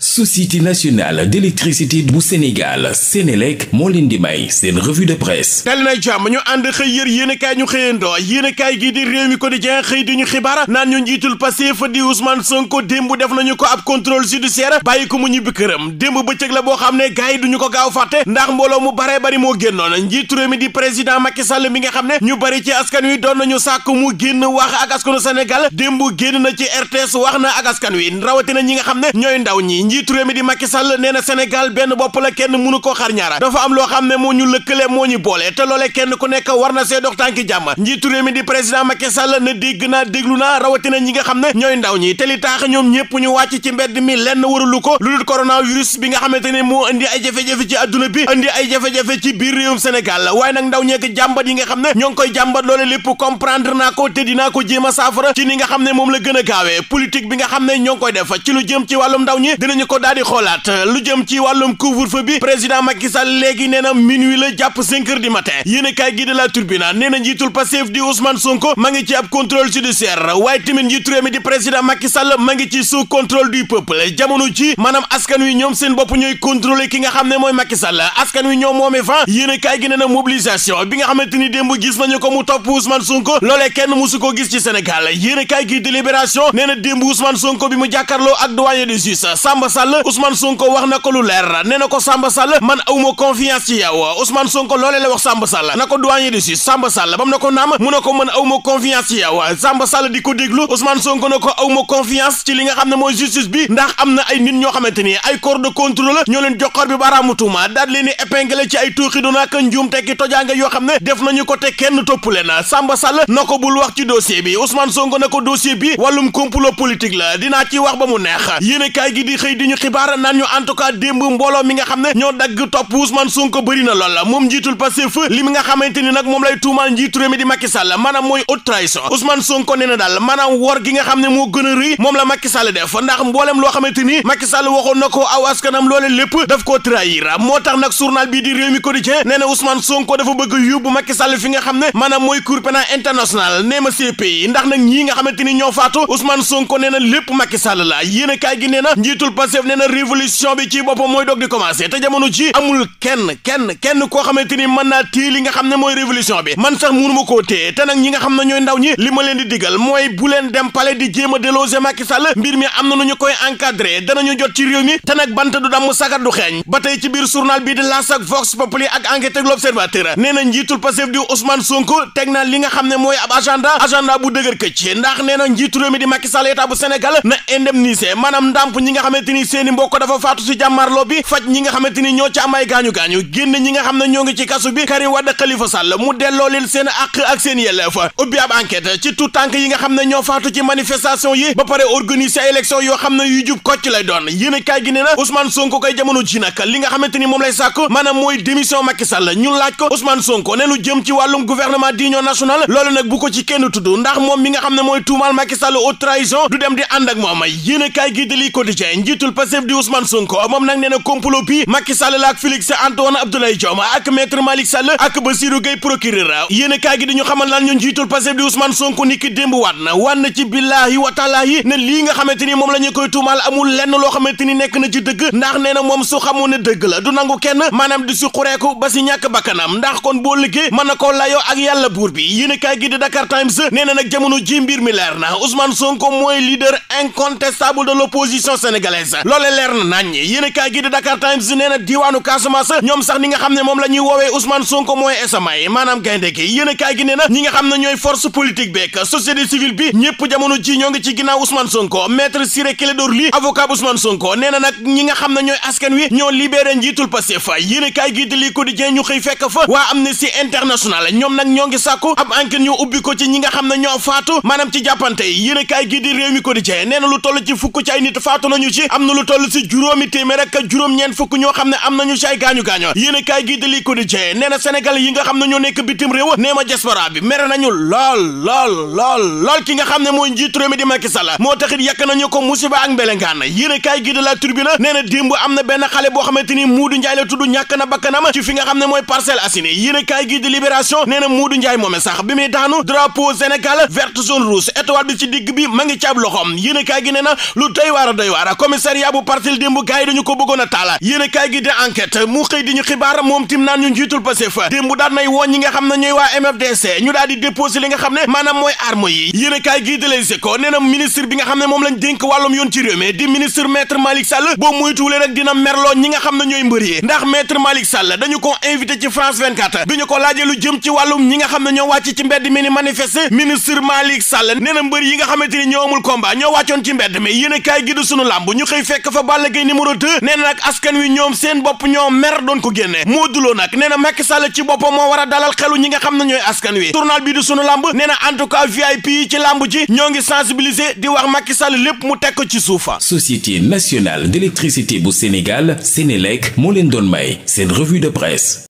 société nationale d'électricité bu Sénégal Sénélec moo leen di may seen revue de presse dali na jàmm ñu ànd xëy yër kaay ñu xëyandoo yéenekaay gi di Rewmi Quotidien xëy di ñu xibaar naan ñu njiitul Pastef di Ousmane Sonko démb def nañu ko ab contrôle judiciaire bàyyi ko mu ñibbi këram démb bëccëg la boo xam ne gars yi duñu ko gaaw fàtte ndax mbooloo mu baree bari moo génnoon njiitu réew mi di président Macky Sall mi nga xam ne ñu bari ci askan wi doon nañu sàkk mu génn wax ak askanu Sénégal démb génn na ci RTS wax na ak askan wi rawatina ñi nga xam ne ñooy ndaw ñi njiitu réew mi di Macky Sall nee na Sénégal benn bopp la kenn mënu koo xar ñaara dafa am loo xam ne moo ñu lëkkale moo ñu boole te loolee kenn ku nekk war na see dox tànki jàmm njiitu réew mi di président Macky Sall ne dégg naa déglu naa rawatina ñi nga xam ne ñooy ndaw ñi te li taax ñoom ñëpp ñu wàcc ci mbedd mi lenn waralu ko lu dul coronavirus bi nga xamante ne moo indi ay jafe-jafe ci adduna bi indi ay jafe-jafe ci biir réewum Sénégal waaye ndaw ñeek jàmbat yi nga xam ne ñoo ngi koy jàmbat loole lépp comprendre naa ko te ko jéem a nga xam ne moom la gën a gaawee bi nga xam ne ñoo ngi koy def ci lu jëm ci wàllum ndaw ñi ñu ko daal di xoolaat lu jëm ci wàllum couvre-feu bi président Macky Sall léegi nee na minuit la jàpp cinq heures du matin yéenekaay gi de La Tribune nee na njiitul Pastef di Ousmane Sonko ma ngi ci ab contrôle judiciaire waaye tamit njiitu réew mi di président Macky Sall ma ngi ci sous contrôle du peuple jamono ji maanaam askan wi ñoom seen bopp ñooy contrôler ki nga xam ne mooy Macky Sall askan wi ñoom moomee vent yéenekaay gi nee na mobilisation bi nga xamante ni démb gis nañu ko mu topp Ousmane Sonko loolee kenn musu ko gis ci Sénégal yéenekaay gi Libération nee na démb Ousmane Sonko bi mu jàkkaarloo ak doyen de justice Samba Samba Sall Ousmane Sonko wax na ko lu leer nee na ko Samba Sall man awma confiance ci yow Ousmane Sonko loolee la wax Samba Sall na ko doyen de Suisse bam na ko naam mu ne ko man awma confiance ci yow di ko déglu Ousmane Sonko na ko awma confiance ci li nga xam ne mooy justice bi ndax am na ay nit ñoo xamante ni ay corps de contrôle ñoo leen joxor bi baaraamu tuuma daal leen ci ay tuuxi doon ak njuum tekki tojaange yoo xam ne def nañu ko te kenn topp leen Samba Sall na ko bul wax ci dossier bi Ousmane Sonko na ko dossier ba mu di ñu xibaar naan ñu en tout cas démb mbooloo mi nga xam ne ñoo dagg topp Ousmane Sonko bëri na lool moom njiitul Pastef li mi nga xamante ni nag moom lay tuumaal njiitu réew mi di Macky Sall maanaam mooy haute trahison Ousmane Sonko nee na daal ne moo gën moom la Macky Sall def ndax mboolem loo xamante ni Macky Sall waxoon na ko aw askanam lépp daf koo trahir moo tax nag journal bii di réew mi quotidien nee na Ousmane Sonko dafa bëgg yóbbu Macky Sall fi nga xam ne maanaam mooy Cour pénale internationale nee ma CPI ndax nag nga xamante ni ñoo faatu Ousmane Sonko nee na lépp Macky Sall la yéen a kaay gi nee na njiitul Pastef nee na bi ci boppa mooy doog di commencé te jamono ji amul kenn kenn kenn koo xamante ni mën naa téye li nga xam ne mooy révolution bi man sax mënu ma koo téye ñi nga xam ne ñooy ndaw ñi li ma leen di digal mooy bu leen dem palais di jéem a déloger Macky mbir mi am na nu ñu koy encadré danañu jot ci réew mi te nag du damm sagar du xeeñ ba tey ci biir journal bi de L'As ak Vox Populi ak enquête ak l'Observateur nee na njiitul Pastef di Ousmane Sonko teg na li nga xam ne mooy ab agenda agenda bu dëgër këcc ndax nee na njiitu mi di Macky Sall état bu Sénégal na maanaam ndàmp ñi nga xamante xamante ni seen i mbokk dafa faatu si jàmmarloo bi faj ñi nga xamante ñoo ci am ay gaañu-gaañu génn ñi nga mu delloo seen àq ak seen yelleef ubbi ab enquête ci tout tànk yi nga xam ñoo faatu ci manifestation yi ba pare organiser élection yoo xam ne yu jub kocc lay doon yéen a kaay gi na Ousmane Sonko koy jamono ji nag li nga xamante ni moom lay sàkku maanaam mooy démission Macky Sall ñu laaj ko Ousmane Sonko ne lu jëm ci wàllum gouvernement d'union nationale loolu nag bu ko ci njiitul Pastef di Ousmane Sonko moom nag nee na complot bi Macky Sall la ak Félix Antoine Abdoulaye Diome ak maître Malick Sall ak Bassirou Gueye procureur yéen a kaay gi dañu ñu njiitul Pastef di Ousmane Sonko ni ki démb waat na waat na ci billaahi wa taalaahi lii nga xamante ni moom la ñu koy tuumaal amul lenn loo xamante ni nekk na ci dëgg ndax nee na moom su xamoon na dëgg la du nangu kenn maanaam di si xureeku ba si ñàkk bakkanam ndax kon boo liggéey mën na koo layoo ak yàlla buur bi yéen a kaay gi di Dakar Times nee nag jamono ji mbir mi leer na Ousmane Sonko mooy leader incontestable de l'opposition sénégalaise entreprise loole leer na nañ yéen a kaay di Dakar Times nee na diiwaanu Casamance ñoom sax ni nga xam ne moom la ñuy woowe Ousmane Sonko mooy esamay maanaam gaynde gi yéen a kaay gi na ñi nga xam na ñooy force politique beeg société civile bi ñëpp jamono ji ñoo ngi ci ginnaaw Ousmane Sonko maître Ciré Clédor Ly avocat Ousmane Sonko nee na nag ñi nga xam ne ñooy askan wi ñoo libere njiitul Pastef yéen a kaay gi di li quotidien ñu xëy fekk fa waa Amnesty International ñoom nag ñoo ngi sàkku ab enquête ñu ko ci nga xam ne ñoo faatu maanaam ci jàppante yéen a kaay gi di réew mi quotidien nee nit faatu nañu ci am na lu toll si juróomi téeméer ak juróom-ñeent fukk ñoo ne am nañu si ay gaañu-gaañu yéen a kaay gii di li ko di jee nee na sénégal yi nga xam ne bitim réew nee ma diaspora bi mere nañu lool lool lool lool ki nga xam ne mooy njiit réew mi di Macky Sall moo taxit yàkk nañu ko musiba ak mbelengaan yéen a kaay gii la turbine nee na démb am na benn xale boo xam xamante ni Muudu Njaay la tudd ñàkk na bakkanam ci fi nga xam ne mooy Parcelles Assainies yéen a kaay gii di libération bi ci digg bi ma ngi a kaay gi nee na lu a commissariat bu parcelle démb gars dañu ko bëggoon a taala yéen a kaay gi mu xëy di ñu xibaar moom tim naan ñu njiitul Pastef démb daan nay woon ñi nga xam ne ñooy waa MFDC ñu daal di li nga xam ne mooy arme yi yéen a kaay gi di ministre bi nga xam ne moom lañ dénk wàllum yoon ci réew di ministre maître Malick Sall boo moytuwulee rek dina merloo ñi nga xam ne ñooy mbër yi ndax maître Malick Sall dañu ko invité ci France 24 bi ñu xëy fekk fa Balla Gaye numéro 2 nee na nag askan wi ñoom seen bopp ñoo mer doon ko génne Modou Lo nag nee na Macky Sall ci boppam moo war a dalal xelu ñi nga xam ne ñooy askan wi journal bi du sunu lamb neena na en tout cas VIP ci lamb ji ñoo ngi sensibiliser di wax Macky Sall lépp mu teg ko ci suufa Société nationale d'électricité bu Sénégal Sénélec moo leen doon may seen revue de presse